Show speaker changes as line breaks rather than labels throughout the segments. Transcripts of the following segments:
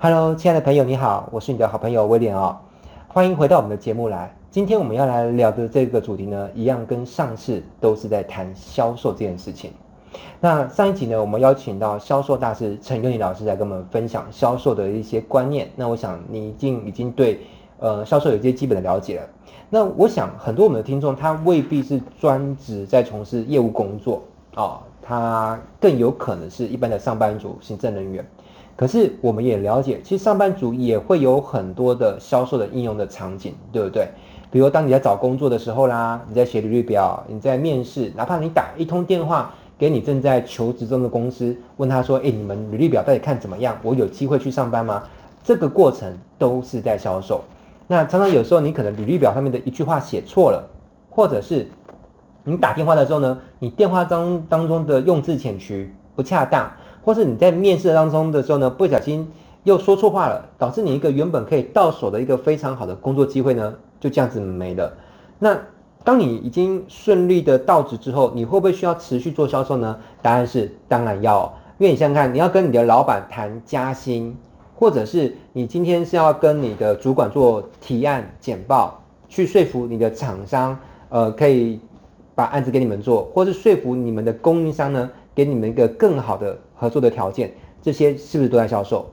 哈嘍，Hello, 親愛的朋友，你好，我是你的好朋友威廉哦，歡迎回到我們的節目來。今天我們要來聊的這個主題呢，一樣跟上次都是在談銷售這件事情。那上一集呢，我們邀請到銷售大師陳根禮老師來跟我們分享銷售的一些觀念。那我想你已經已經對呃銷售有一些基本的了解了。那我想很多我們的聽眾他未必是專職在從事業務工作啊、哦，他更有可能是一般的上班族、行政人員。可是我們也了解，其實上班族也會有很多的銷售的應用的場景，對不對？比如當你在找工作的時候啦，你在寫履歷表，你在面試，哪怕你打一通電話給你正在求職中的公司，問他說：“哎、欸，你們履歷表到底看怎麼樣？我有機會去上班嗎？”這個過程都是在銷售。那常常有時候你可能履歷表上面的一句話寫錯了，或者是你打電話的時候呢，你電話當當中的用字遣詞不恰當。或是你在面試當中的時候呢，不小心又說錯話了，導致你一個原本可以到手的一個非常好的工作機會呢，就這樣子沒了。那當你已經順利的到職之後，你會不會需要持續做銷售呢？答案是當然要，因為你想想看，你要跟你的老闆談加薪，或者是你今天是要跟你的主管做提案簡報，去說服你的廠商，呃，可以把案子給你們做，或是說服你們的供應商呢，給你們一個更好的合作的條件，這些是不是都在銷售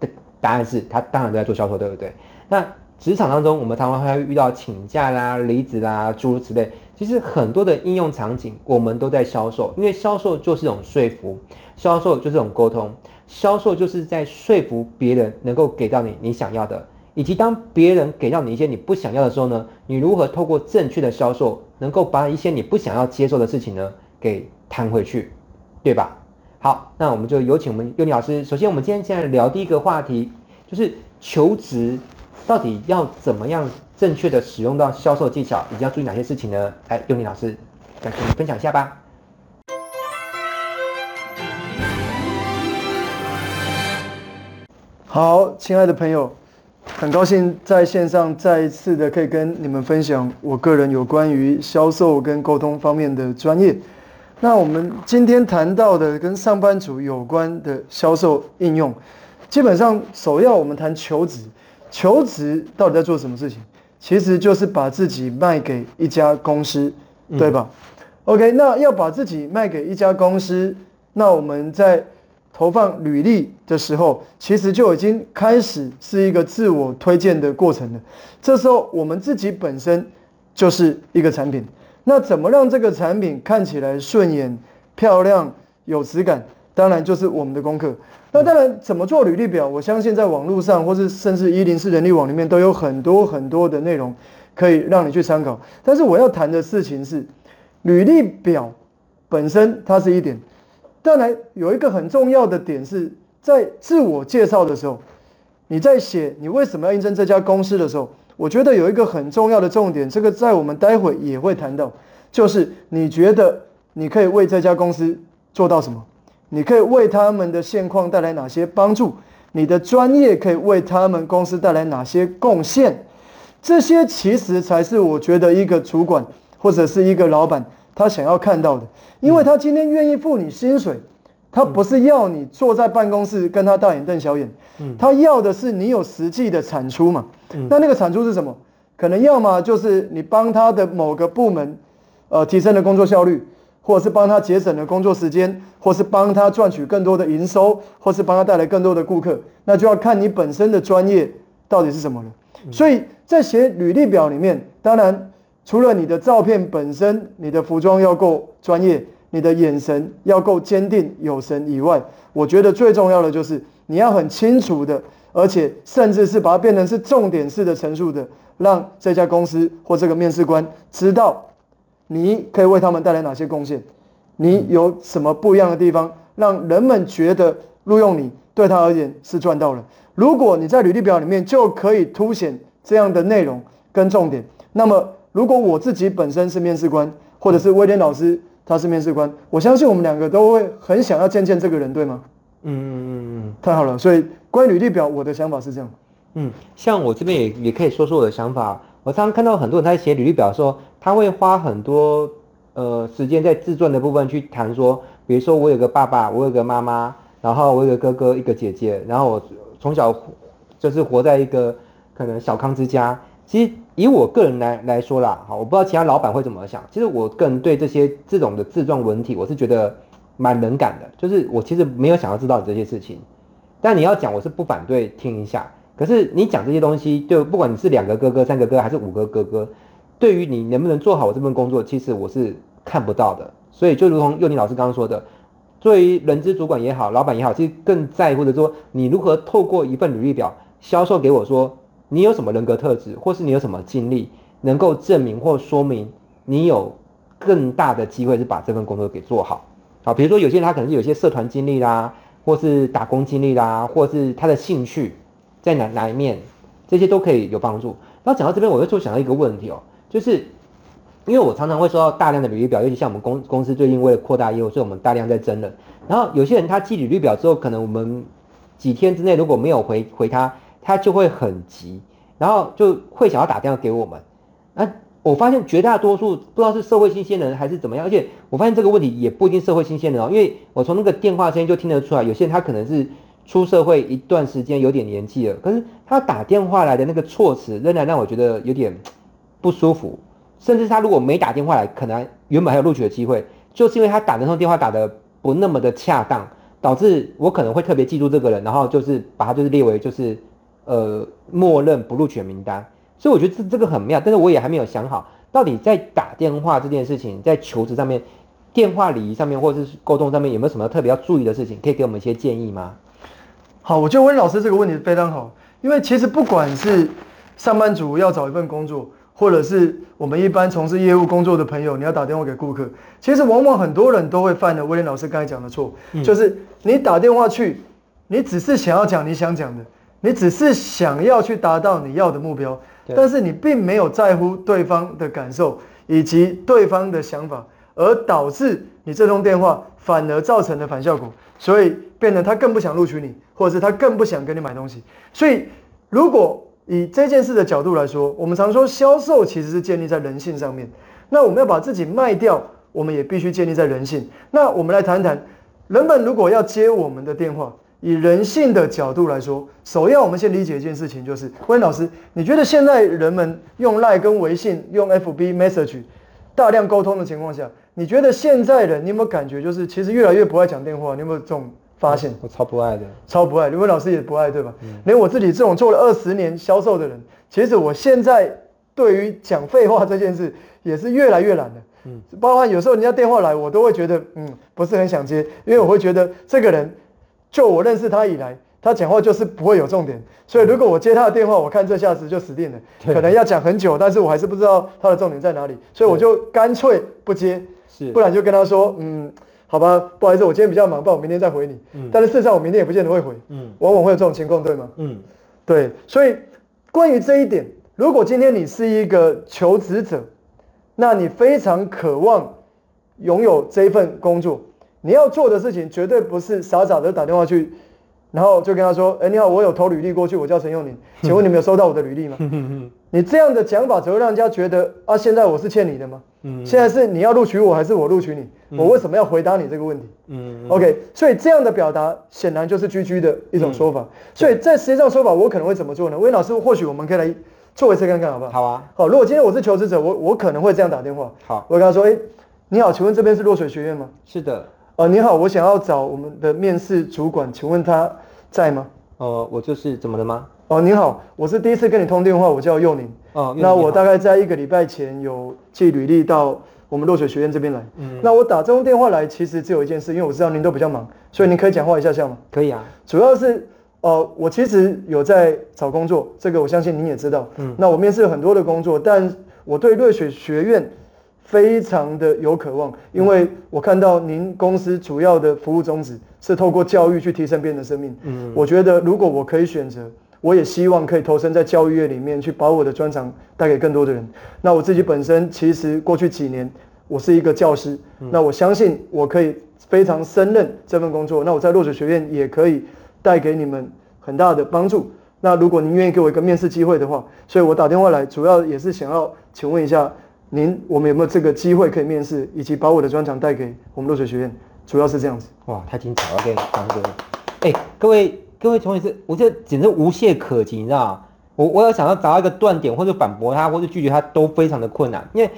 的？答案是他當然都在做銷售，對不對？那職場當中，我們常常會遇到請假啦、離職啦，諸如此類。其實很多的應用場景，我們都在銷售，因為銷售就是一種說服，銷售就是一種溝通，銷售就是在說服別人能夠給到你你想要的，以及當別人給到你一些你不想要的時候呢，你如何透過正確的銷售，能夠把一些你不想要接受的事情呢給彈回去？對吧？好，那我們就有請我們尤尼老師。首先，我們今天現在聊第一個話題，就是求職到底要怎麼樣正確的使用到銷售技巧，以及要注意哪些事情呢？來尤尼老師，再跟你分享一下吧。
好，親愛的朋友，很高興在線上再一次的可以跟你們分享我個人有關於銷售跟溝通方面的專業。那我們今天談到的跟上班族有關的銷售應用，基本上首要我們談求職，求職到底在做什麼事情？其實就是把自己賣給一家公司，對吧？嗯。OK，那要把自己賣給一家公司，那我們在投放履歷的時候，其實就已經開始是一個自我推薦的過程了。這時候我們自己本身就是一個產品。那怎麼讓這個產品看起來順眼、漂亮、有質感？當然就是我們的功課。那當然怎麼做履歷表？我相信在網絡上，或是甚至一零四人力網裡面，都有很多很多的內容可以讓你去參考。但是我要談的事情是，履歷表本身它是一點。當然有一個很重要的點是在自我介紹的時候，你在寫你為什麼要應徵這家公司的時候。我覺得有一個很重要的重點，這個在我們待會也會談到，就是你覺得你可以為這家公司做到什麼？你可以為他們的現況帶來哪些幫助？你的專業可以為他們公司帶來哪些貢獻？這些其實才是我覺得一個主管或者是一個老闆他想要看到的，因為他今天願意付你薪水。嗯他不是要你坐在辦公室跟他大眼瞪小眼，他要的是你有實際的產出嘛？那那個產出是什麼？可能要麼就是你幫他的某個部門，呃，提升了工作效率，或者是幫他節省了工作時間，或是幫他賺取更多的營收，或是幫他帶來更多的顧客。那就要看你本身的專業到底是什麼了。所以在寫履歷表裡面，當然除了你的照片本身，你的服裝要夠專業。你的眼神要夠堅定、有神以外，我覺得最重要的就是你要很清楚的，而且甚至是把它變成是重點式的陳述的，讓這家公司或這個面試官知道你可以為他們帶來哪些貢獻，你有什麼不一樣的地方，讓人們覺得錄用你對他而言是賺到了。如果你在履歷表裡面就可以凸顯這樣的內容跟重點，那麼如果我自己本身是面試官或者是威廉老師。他是面試官，我相信我們兩個都會很想要見見這個人，對嗎？嗯嗯嗯嗯，嗯嗯太好了。所以關於履歷表，我的想法是這樣。嗯，
像我這邊也也可以說說我的想法。我常常看到很多人他在寫履歷表的時候，他會花很多呃時間在自傳的部分去談說，比如說我有個爸爸，我有個媽媽，然後我有個哥哥一個姐姐，然後我從小就是活在一個可能小康之家。其實。以我個人來來說啦，哈，我不知道其他老板會怎麼想。其實我個人對這些這種的自傳文體，我是覺得蠻冷感的。就是我其實沒有想要知道你這些事情，但你要講，我是不反對聽一下。可是你講這些東西，就不管你是兩個哥哥、三個哥哥還是五個哥哥，對於你能不能做好我這份工作，其實我是看不到的。所以就如同佑寧老師剛剛說的，作為人資主管也好，老板也好，其實更在乎的說，說你如何透過一份履歷表銷售給我說。你有什麼人格特質，或是你有什麼經歷，能夠證明或說明你有更大的機會是把這份工作給做好？好，比如說有些人他可能是有些社團經歷啦，或是打工經歷啦，或是他的興趣在哪哪一面，這些都可以有幫助。那講到這邊，我又就想到一個問題哦，就是因為我常常會收到大量的履歷表，尤其像我們公公司最近為了擴大業務，所以我們大量在徵人，然後有些人他寄履歷表之後，可能我們幾天之內如果沒有回回他，他就會很急，然後就會想要打電話給我們。那、啊、我發現絕大多數不知道是社會新鮮人還是怎麼樣，而且我發現這個問題也不一定社會新鮮人哦，因為我從那個電話聲音就聽得出來，有些人他可能是出社會一段時間有點年紀了，可是他打電話來的那個措辭仍然讓我覺得有點不舒服，甚至他如果沒打電話來，可能還原本還有錄取的機會，就是因為他打的那通電話打得不那麼的恰當，導致我可能會特別記住這個人，然後就是把他就是列為就是。呃，默認不錄取名單，所以我覺得這這個很妙。但是我也還沒有想好，到底在打電話這件事情，在求職上面，電話禮儀上面，或者是溝通上面，有沒有什麼特別要注意的事情？可以給我們一些建議嗎？好，我覺得威廉老師這個問題
非常好，因為其實不管是上班族要找一份工作，或者是我們一般從事業務工作的朋友，你要打電話給顧客，其實往往很多人都會犯的威廉老師剛才講的錯，嗯、就是你打電話去，你只是想要講你想講的。你只是想要去達到你要的目標，但是你並沒有在乎對方的感受以及對方的想法，而導致你這通電話反而造成了反效果，所以變得他更不想錄取你，或者是他更不想跟你買東西。所以，如果以這件事的角度來說，我們常說銷售其實是建立在人性上面，那我們要把自己賣掉，我們也必須建立在人性。那我們來談談，人們如果要接我們的電話。以人性的角度來說，首要我們先理解一件事情，就是溫老師，你覺得現在人們用 Line 跟微信、用 FB Message 大量溝通的情況下，你覺得現在人你有沒有感覺就是其實越來越不愛講電話？你有沒有這種發現？我超不愛的，超不愛。你溫老師也不愛，對吧？嗯、連我自己這種做了二十年銷售的人，其實我現在對於講廢話這件事也是越來越懶的。嗯，包括有時候人家電話來，我都會覺得嗯不是很想接，因為我會覺得這個人。就我認識他以來，他講話就是不會有重點。所以如果我接他的電話，我看這下子就死定了，可能要講很久，但是我還是不知道他的重點在哪裡，所以我就乾脆不接，不然就跟他說，嗯，好吧，不好意思，我今天比較忙，不然我明天再回你。但是事實上，我明天也不見得會回，嗯，往往會有這種情況，對嗎？嗯，對。所以關於這一點，如果今天你是一個求職者，那你非常渴望擁有這一份工作。你要做的事情絕對不是傻傻的打電話去，然後就跟他說：“欸、你好，我有投履歷過去，我叫陳佑寧，請問你們有收到我的履歷嗎？” 你這樣的講法只會讓人家覺得啊，現在我是欠你的嗎？嗯、現在是你要錄取我還是我錄取你？嗯、我為什麼要回答你這個問題？嗯、OK，所以這樣的表達顯然就是 GG 的一種說法。嗯、所以在實際上說法，我可能會怎麼做呢？魏對老師，或許我們可以來做一次看看，好不好？好啊，好。如果今天我是求職者，我我可能會這樣打電話。好，我跟他說：“欸，你好，請問這邊是落水學院嗎？”是的。呃，您好，我想要找我們的面試主管，請問他在嗎？呃，我就是怎麼了嗎？哦、呃，您好，我是第一次跟你通電話，我叫佑寧。啊、
哦，那我大
概在一個禮拜前有寄履歷到我們洛水學院這邊來。嗯，那我打這通電話來，其實只有一件事，因為我知道您都比較忙，所以您可以講話一下下嗎？嗯、可以啊，主要是，呃，我其實有在找工作，這個我相信您也知道。嗯，那我面試了很多的工作，但我對洛水學院。非常的有渴望，因為我看到您公司主要的服務宗旨是透過教育去提升別人的生命。嗯，我覺得如果我可以選擇，我也希望可以投身在教育業裡面，去把我的專長帶給更多的人。那我自己本身其實過去幾年我是一個教師，那我相信我可以非常勝任這份工作。那我在落水學院也可以帶給你們很大的幫助。那如果您願意給我一個面試機會的話，所以我打電話來，主要也是想要請問一下。您，我們有沒有這個機會可以面試，以及把我的專長帶給我們樂學學院？主要
是這樣子。哇，太精彩了！OK，張哥。哎，各位，各位，從一是，我覺得簡直無懈可擊，你知道嗎？我，我有想要找到一個斷點，或者反駁他，或者拒絕他，都非常的困難。因為，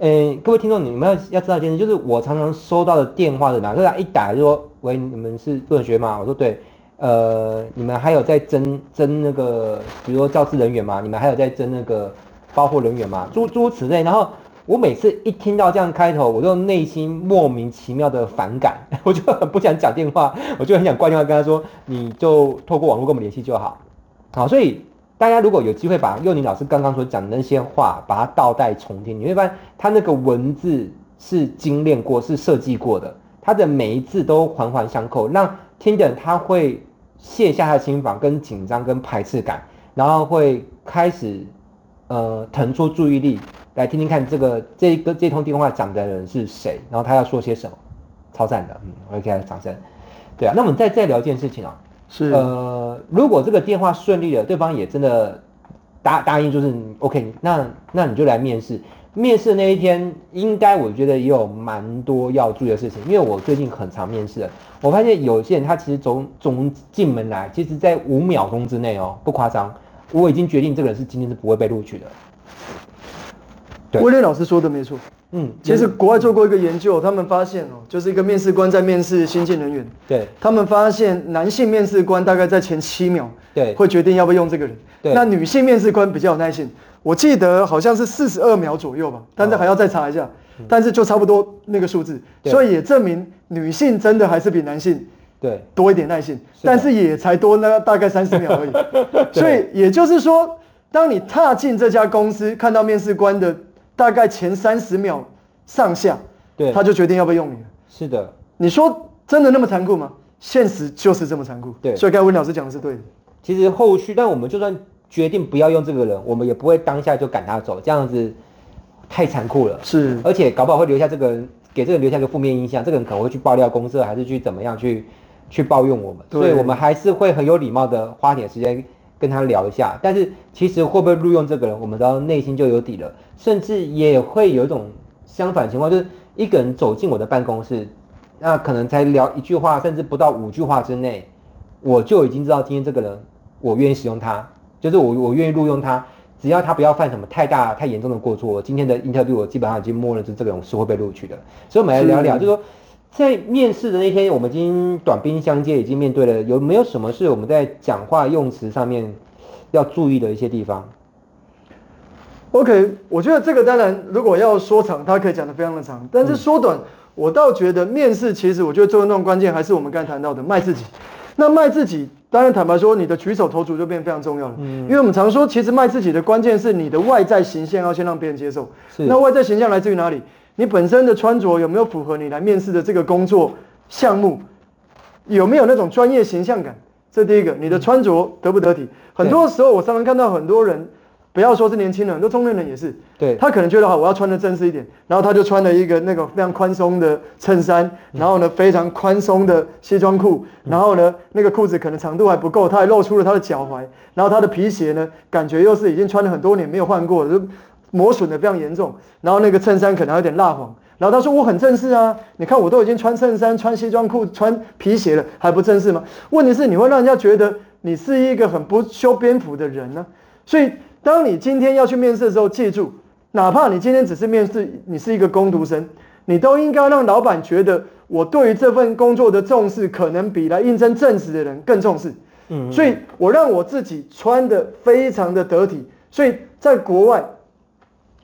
呃，各位聽眾，你們要要知道，一件事，就是我常常收到的電話是哪？大家一打就說：“喂，你們是樂學嗎？”我說：“對。”呃，你們還有在爭爭那個，比如說教職人員嗎？你們還有在爭那個發貨人員嗎？諸諸如此類，然後。我每次一聽到這樣開頭，我就內心莫名其妙的反感，我就很不想講電話，我就很想掛電話跟他說，你就透過網絡跟我們聯繫就好。好，所以大家如果有機會把幼寧老師剛剛所講的那些話，把它倒帶重聽，你會發現他那個文字是精煉過、是設計過的，他的每一字都環環相扣，讓聽的人他會卸下他的心防跟緊張、跟排斥感，然後會開始呃騰出注意力。來聽聽看，這個這一個這一通電話講的人是誰，然後他要說些什麼，超贊的，嗯，OK，掌聲。對啊，那我們再再聊一件事情啊，哦，是，呃，如果這個電話順利了，對方也真的答答應，就是 OK，那那你就來面試。面試的那一天，應該我覺得也有蠻多要注意的事情，因為我最近很常面試的，我發現有些人他其實總從，從進門來，其實，在五秒鐘之內哦，不誇張，我已經決定這個人是今天是不會被錄取的。威廉老師說的沒錯，嗯，其實
國外做過一個研究，他
們發現哦，就是一個面試官在面
試新進人員，對，他們發現男性面試官大概在前七秒，對，會決定要不要用這個人，對，對那女性面試官比較有耐性，我記得好像是四十二秒左右吧，但是還要再查一下，哦嗯、但是就差不多那個數字，對所以也證明女性真的還是比男性對多一點耐性，是但是也才多那大概三十秒而已， 對所以也就是說，當你踏進這家公司，看到面試官的。大概前三十秒上下，對，他就決定要不要用你。是的，你說
真的那麼殘酷嗎？現實就是這麼殘酷。對，所以剛才溫老師講的是對的。其實後續，但我們就算決定不要用這個人，我們也不會當下就趕他走，這樣子太殘酷了。是，而且搞不好會留下這個人，給這個人留下一個負面印象。這個人可能會去爆料公社，還是去怎麼樣去去抱用我們。對所以，我們還是會很有禮貌的花點時間跟他聊一下。但是，其實會不會錄用這個人，我們知道內心就有底了。甚至也會有一種相反情況，就是一個人走進我的辦公室，那可能才聊一句話，甚至不到五句話之內，我就已經知道今天這個人，我願意使用他，就是我我願意錄用他，只要他不要犯什麼太大太嚴重的過錯，今天的 interview 我基本上已經默認是這個人是會被錄取的。所以我們來聊一聊，是就是說在面試的那天，我們已經短兵相接，已經面對了，有沒有什麼是我們在講話用詞上面要注意的一些地方？OK，我覺得這個當然，
如果要說長，它可以講得非常的長，但是說短，嗯、我倒覺得面試其實我覺得最重要關鍵還是我們剛才談到的賣自己。那賣自己，當然坦白說，你的舉手投足就變得非常重要了。嗯，因為我們常說，其實賣自己的關鍵是你的外在形象要先讓別人接受。是的 那外在形象來自於哪裡？你本身的穿着有沒有符合你來面試的這個工作項目？有沒有那種專業形象感？這第一個，你的穿着得不得體？嗯、很多時候我常常看到很多人。不要說是年輕人，很多中年人也是。對，他可能覺得哈，我要穿得正式一點，然後他就穿了一個那個非常寬鬆的襯衫，然後呢非常寬鬆的西裝褲，然後呢那個褲子可能長度還不夠，他還露出了他的腳踝。然後他的皮鞋呢，感覺又是已經穿了很多年沒有換過，就磨損得非常嚴重。然後那個襯衫可能還有點蠟黃。然後他說我很正式啊，你看我都已經穿襯衫、穿西裝褲、穿皮鞋了，還不正式嗎？問題是你會讓人家覺得你是一個很不修邊幅的人呢、啊，所以。當你今天要去面試的時候，記住，哪怕你今天只是面試，你是一個工讀生，嗯、你都應該讓老板覺得我對於這份工作的重視，可能比來應徵正職的人更重視。嗯，所以我讓我自己穿得非常的得體。所以在國外，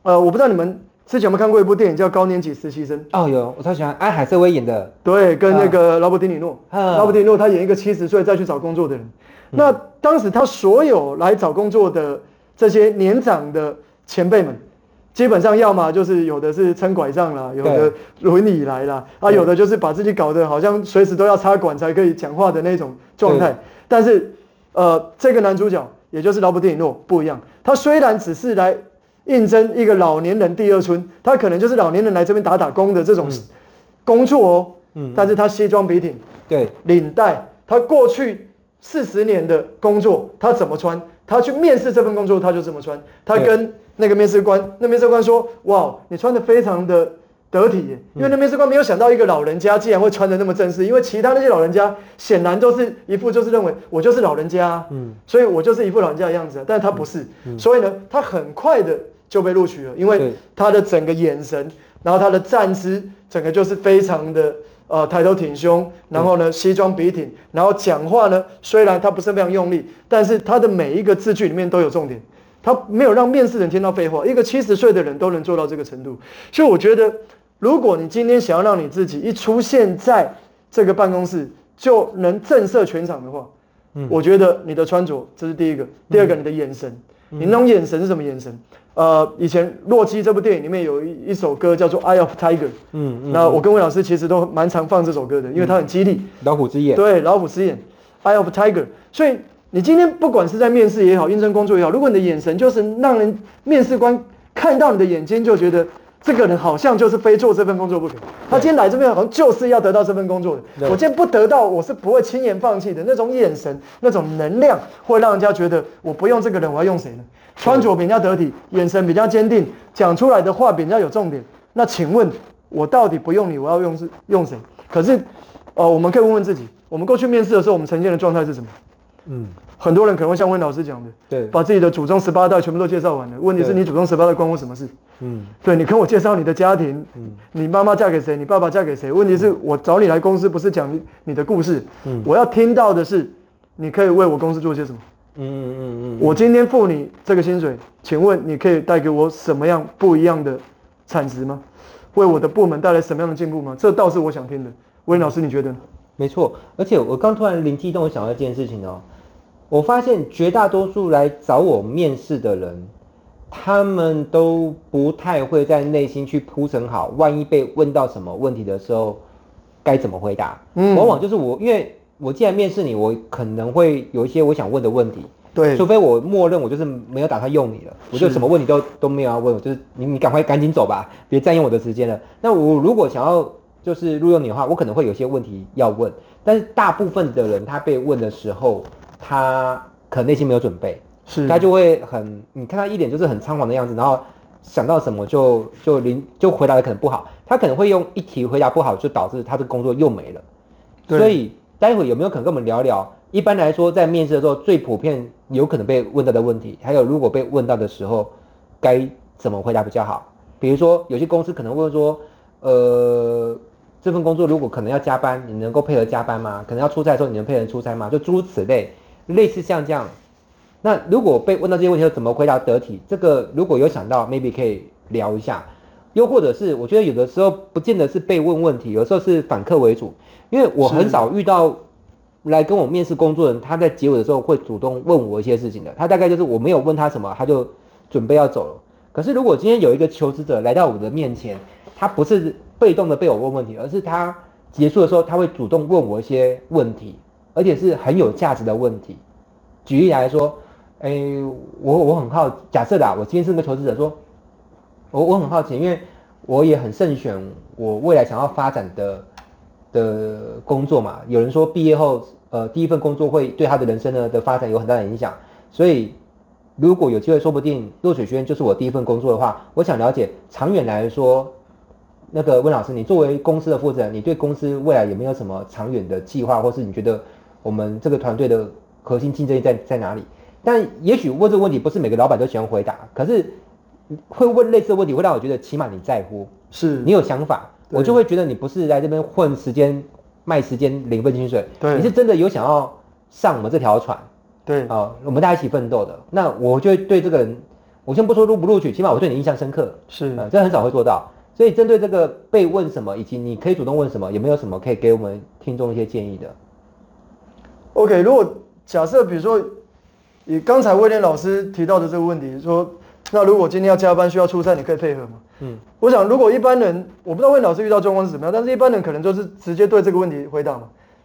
呃，我不知道你們之前有沒有看過一部電影叫《高年級實習生》？
哦，有，我超喜歡，安海瑟薇演的，對，跟那
個羅伯特·迪尼諾，羅呵伯特·迪尼諾他演一個七十歲再去找工作的人。嗯、那當時他所有來找工作的。這些年長的前輩們，基本上要麼就是有的是撐拐杖啦，有的輪椅來啦，對啊，有的就是把自己搞得好像隨時都要插管才可以講話的那種狀態。對但是，呃，這個男主角，也就是勞勃·狄尼洛不一樣，他雖然只是來應徵一個老年人第二春，他可能就是老年人來這邊打打工的這種工作哦。嗯，但是他西裝筆挺，對，領帶，他過去四十年的工作，他怎麼穿？他去面試這份工作，他就這麼穿。他跟那個面試官，那面試官說：“哇，你穿得非常的得體。”因為那面試官沒有想到一個老人家竟然會穿得那麼正式，因為其他那些老人家顯然都是一副就是認為我就是老人家，嗯，所以我就是一副老人家的樣子。但他不是，所以呢，他很快的就被錄取了，因為他的整個眼神，然後他的站姿，整個就是非常的。呃，抬頭挺胸，然後呢，西裝筆挺，然後講話呢，雖然他不是非常用力，但是他的每一個字句裡面都有重點，他沒有讓面試人聽到廢話。一個七十歲的人都能做到這個程度，所以我覺得，如果你今天想要讓你自己一出現在這個辦公室就能震懾全場的話，我覺得你的穿着這是第一個，第二個你的眼神。你那種眼神是什麼眼神？呃，以前《洛基》這部電影裡面有一一首歌叫做《Eye of Tiger》。嗯嗯。那、嗯、我跟魏老師其實都蠻常放這首歌的，因為它很激勵、
嗯。老虎之眼。對，
老虎之眼，《Eye of Tiger》。所以你今天不管是在面試也好，應徵工作也好，如果你的眼神就是讓人面試官看到你的眼睛，就覺得。這個人好像就是非做這份工作不可。他今天來這邊好像就是要得到這份工作的。我今天不得到，我是不會輕言放棄的。那種眼神，那種能量，會讓人家覺得我不用這個人，我要用誰呢？穿着比較得體，眼神比較堅定，講出來的話比較有重點。那請問，我到底不用你，我要用是用誰？可是，呃、哦，我們可以問問自己，我們過去面試的時候，我們呈現的狀態是什麼？嗯。很多人可能會像溫老師講的，對，把自己的祖宗十八代全部都介紹完了。對問題是你祖宗十八代關我什麼事？對嗯，對，你跟我介紹你的家庭，嗯，你媽媽嫁給誰？你爸爸嫁給誰？問題是我找你來公司不是講你的故事，嗯，我要聽到的是你可以為我公司做些什麼？嗯嗯嗯嗯，我今天付你這個薪水，請問你可以帶給我什麼樣不一樣的
產值嗎？為我的部門帶來什麼樣的進步嗎？這倒是我想聽的。溫老師，你覺得呢？沒錯，而且我剛突然靈機一動，我想到一件事情哦、喔。我發現絕大多數來找我面試的人，他們都不太會在內心去鋪陳好，萬一被問到什麼問題的時候，該怎麼回答？嗯，往往就是我，因為我既然面試你，我可能會有一些我想問的問題。對，除非我默認我就是沒有打算用你了，是我就什麼問題都都沒有要問，我就是你，你趕快趕緊走吧，別佔用我的時間了。那我如果想要就是錄用你的話，我可能會有些問題要問，但是大部分的人他被問的時候，他可能內心沒有準備，是，他就會很，你看他一臉就是很倉皇的樣子，然後想到什麼就就臨就回答的可能不好，他可能會用一題回答不好就導致他的工作又沒了，對所以待會兒有沒有可能跟我們聊聊？一般來說，在面試的時候最普遍有可能被問到的問題，還有如果被問到的時候該怎麼回答比較好？比如說有些公司可能問說，呃，這份工作如果可能要加班，你能夠配合加班嗎？可能要出差的時候你能配合出差嗎？就諸如此類。類似像這樣，那如果被問到這些問題，要怎麼回答得體？這個如果有想到，maybe 可以聊一下。又或者是我覺得有的時候，不見得是被問問題，有時候是反客為主。因為我很少遇到來跟我面試工作人，他在結尾的時候會主動問我一些事情的。他大概就是我沒有問他什麼，他就準備要走了。可是如果今天有一個求職者來到我的面前，他不是被動的被我問問題，而是他結束的時候，他會主動問我一些問題。而且是很有價值的問題。舉例來說，哎、欸，我我很好，假設啦、啊，我今天是個求職者說，我我很好奇，因為我也很慎選我未來想要發展的的工作嘛。有人說，畢業後，呃，第一份工作會對他的人生呢的發展有很大的影響。所以，如果有機會，說不定若水學院就是我第一份工作的話，我想了解，長遠來說，那個溫老師，你作為公司的負責人，你對公司未來有沒有什麼長遠的計劃，或是你覺得？我們這個團隊的核心競爭力在在哪裡？但也許問這個問題不是每個老闆都喜歡回答，可是會問類似的問題會讓我覺得起碼你在乎，是你有想法，對我就會覺得你不是來這邊混時間、賣時間、領份薪水，對你是真的有想要上我們這條船。對啊，我們大家一起奮鬥的。那我就對這個人，我先不說錄不錄取，起碼我對你印象深刻，是，這、啊、很少會做到。所以針對這個被問什麼，以及你可以主動問什麼，有沒有什麼可以給我們聽眾一些建議的？OK，如果假設比如說，你剛
才威廉老師提到的這個問題，說，那如果今天要加班需要出差，你可以配合嗎？嗯，我想如果一般人，我不知道威廉老師遇到狀況是怎麼樣，但是一般人可能就是直接對這個問題回答嘛，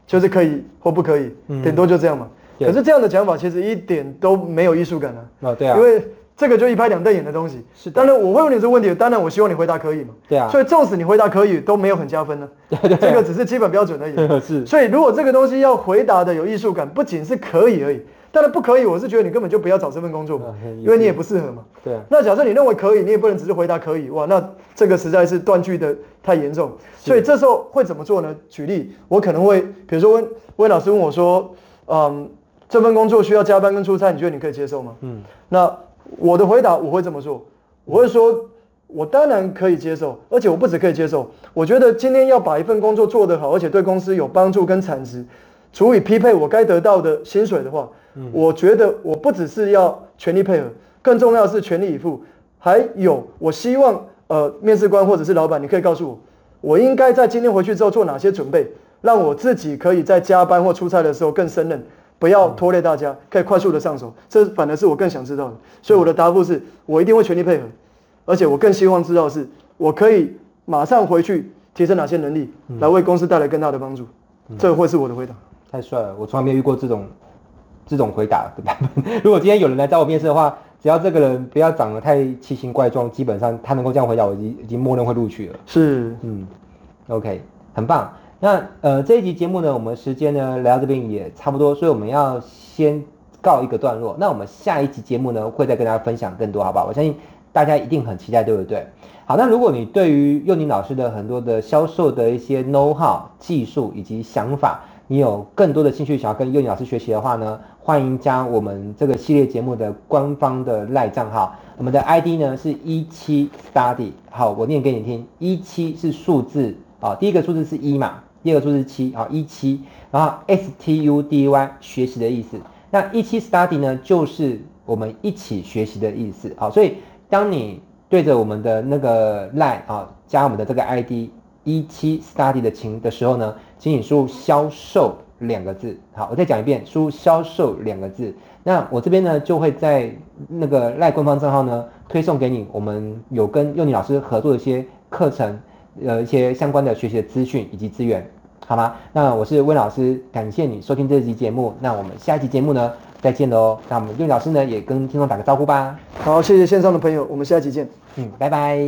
就是可以或不可以，頂多就這樣嘛。嗯、可是這樣的講法其實一點都沒有藝術感啊。啊、哦，對啊，因為。這個就一拍兩瞪眼的東西，是當然我會問你這個問題，當然我希望你回答可以嘛，對啊，所以縱使你回答可以都沒有很加分呢，啊， 對對，啊，這個只是基本標準而已， 是所以如果這個東西要回答的有藝術感，不僅是可以而已，當然不可以，我是覺得你根本就不要找這份工作嘛，因為你也不適合嘛，對，啊對啊，那假設你認為可以，你也不能只是回答可以哇，那這個實在是斷句的太嚴重，是所以這時候會怎麼做呢？舉例，我可能會，比如說問溫老師問我說，嗯，這份工作需要加班跟出差，你覺得你可以接受嗎？嗯，那。我的回答我會這麼說，我會說，我當然可以接受，而且我不止可以接受。我覺得今天要把一份工作做得好，而且對公司有幫助跟產值，足以匹配我該得到的薪水的話，我覺得我不只是要全力配合，更重要的是全力以赴。還有，我希望呃面試官或者是老闆，你可以告訴我，我應該在今天回去之後做哪些準備，讓我自己可以在加班或出差的時候更勝任。不要拖累大家，可以快速的上手，這反而是我更想知道的。所以我的答覆是，我一定會全力配合，而且我更希望知道是，我可以馬上回去提升哪些能力，嗯、來為公司帶來更大的幫助。嗯、
這會是我的回答。太帥了，我從來沒有遇過這種這種回答的版本。 如果今天有人來找我面試的話，只要這個人不要長得太奇形怪狀，基本上他能夠這樣回答，我已經已經默認會錄取了。是，嗯，OK，很棒。那呃，這一集節目呢，我們時間呢來到這邊也差不多，所以我們要先告一個段落。那我們下一集節目呢，會再跟大家分享更多，好不好？我相信大家一定很期待，對不對？好，那如果你對於幼寧老師的很多的銷售的一些 know how 技術以及想法，你有更多的興趣想要跟幼寧老師學習的話呢，歡迎加我們這個系列節目的官方的賴賬號我們的 ID 呢是一七 study。好，我念給你聽，一七是數字啊，第一個數字是一嘛？第二個數字七啊，一七，然後 S T U D Y 學習的意思，那一七 study 呢，就是我們一起學習的意思。好，所以，當你對着我們的那個 line 啊，加我們的這個 I D 一七 study 的情的時候呢，請你輸入銷售兩個字。好，我再講一遍，輸入銷售兩個字。那我這邊呢，就會在那個 line 官方賬號呢，推送給你，我們有跟用你老師合作的一些課程。呃，一些相關的學習的資訊以及資源，好嗎？那我是溫老師，感謝你收聽這集節目。那我們下一集節目呢，再見嘍。那我們溫老師呢，也跟聽眾打個招呼吧。好，謝謝線上的朋友，我們下一集見。嗯，拜拜。